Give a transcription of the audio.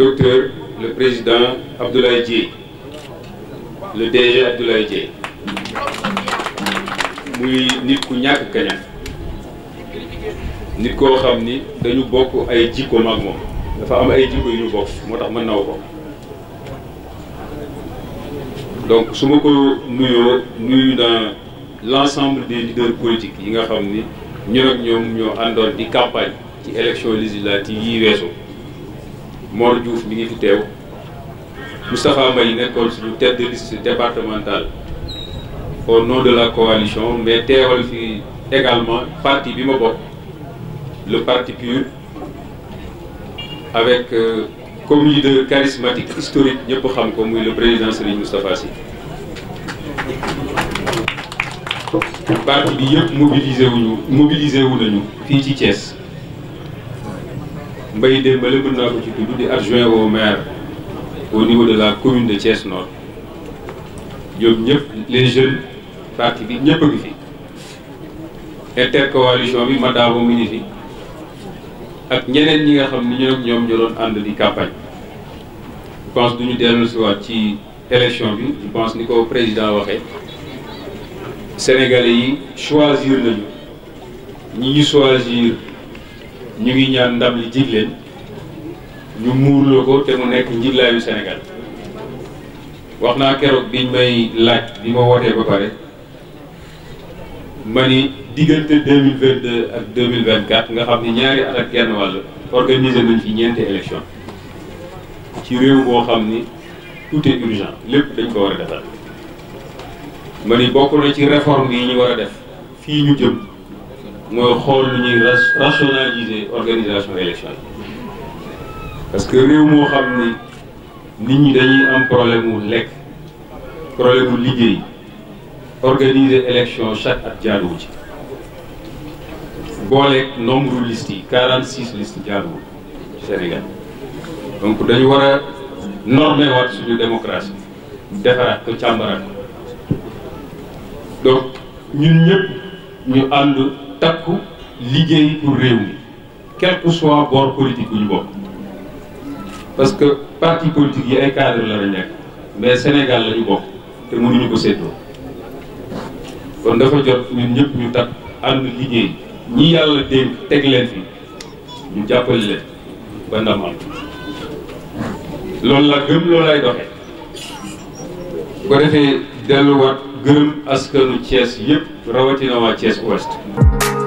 docteur le président Abdoulaye Dièye le DG Abdoulaye Dièye muy nit ku ñàkk kañam nit koo xam ni dañu bokk ay jikko mag moom dafa am ay jikko yu ñu bokk moo tax ma naw ko donc su ma ko nuyoo nuyu naa l'ensemble des leaders politiques yi nga xam ni ñun ak ñoom ñoo àndoon di campagne ci élection législative yi weesu Mor Diouf mi ngi fi teew Moustapha May nekkoon suñu tête de liste départementale au nom de la coalition mais teewal fi également parti bi ma bokk le parti PUR avec euh, comme leader charismatique historique ñëpp xam ko muy le président Serigne Moustapha Sy parti bi yëpp mobilisé wuñu mobilisé wu nañu fii ci Thiès Mbaye Dembélé mën naa ko ci tudd di adjoint au maire au niveau de la commune de Thiès Nord ñoom les jeunes parti bi ñëpp a ngi fi intercoalition bi Mataaba mu ngi fi ak ñeneen ñi nga xam ni ñoom ñoom ñoo doon ànd di campagne je pense du ñu dellu si waat ci élection bi je pense ni ko président waxee sénégalais yi choisir nañu ñi choisir. ñu ngi ñaan ndam li jig leen ñu muurloo ko te mu nekk njiglaayu Sénégal wax naa keroog biñ may laaj bi ma wootee ba pare ma ni diggante deux mille vingt deux ak deux mille vingt quatre nga xam ni ñaari at ak genn wàll organiser nañ fi ñeenti élection ci réew boo xam ni tout est urgent lépp dañ ko war a defal ma ni bokk na ci réforme yi ñu war a def fii ñu jëm. mooy xool lu ñuy rationaliser organisation élection yi parce que réew moo xam ni nit ñi dañuy am problème mu lekk problème mu liggéey organise élection chaque at jaaduwu ci booleeg nombre liste yi 46 listes jaaduwul Sénégal donc dañu war a normer waat suñu démocratie defaraat ko càmbaraat donc ñun ñëpp ñu ànd. takku liggéey pour réew mi quel que soit bord politique bu ñu bokk parce que parti politique yi ay cadre la nekk mais Sénégal la bokk te mënuñu ko séddoo kon dafa jot ñun ñëpp ñu takk ànd liggéey ñi yàlla dénk teg leen fi ñu jàppale leen ba ndam am loolu la gëm loolu lay doxe ko defee delluwaat gërëm askanu Thiès yëpp rawatina waa Thiès